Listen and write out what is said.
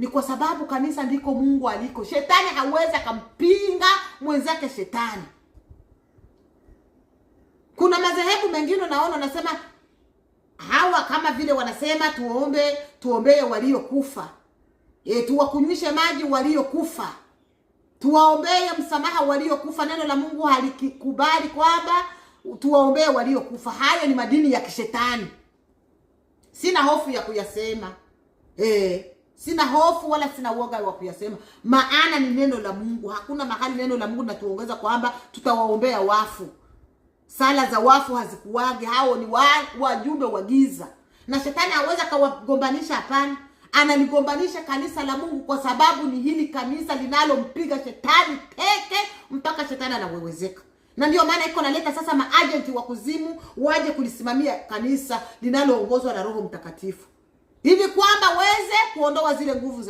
ni kwa sababu kanisa ndiko Mungu aliko. Shetani hawezi akampinga mwenzake shetani. Kuna madhehebu mengine naona nasema hawa kama vile wanasema tuombe, tuombee waliokufa e, tuwakunywishe maji waliokufa, tuwaombee msamaha waliokufa. Neno la Mungu halikikubali kwamba tuwaombee waliokufa. Hayo ni madini ya kishetani, sina hofu ya kuyasema eh. Sina hofu wala sina uoga wa kuyasema, maana ni neno la Mungu. Hakuna mahali neno la Mungu linatuongoza kwamba tutawaombea wafu. Sala za wafu hazikuwagi, hao ni wa, wajumbe wa giza, na shetani hawezi akawagombanisha. Hapana, analigombanisha kanisa la Mungu kwa sababu ni hili kanisa linalompiga shetani teke mpaka shetani anawewezeka na ndio maana iko naleta sasa maajenti wa kuzimu waje kulisimamia kanisa linaloongozwa na Roho Mtakatifu, hivi kwamba we kuondoa zile nguvu za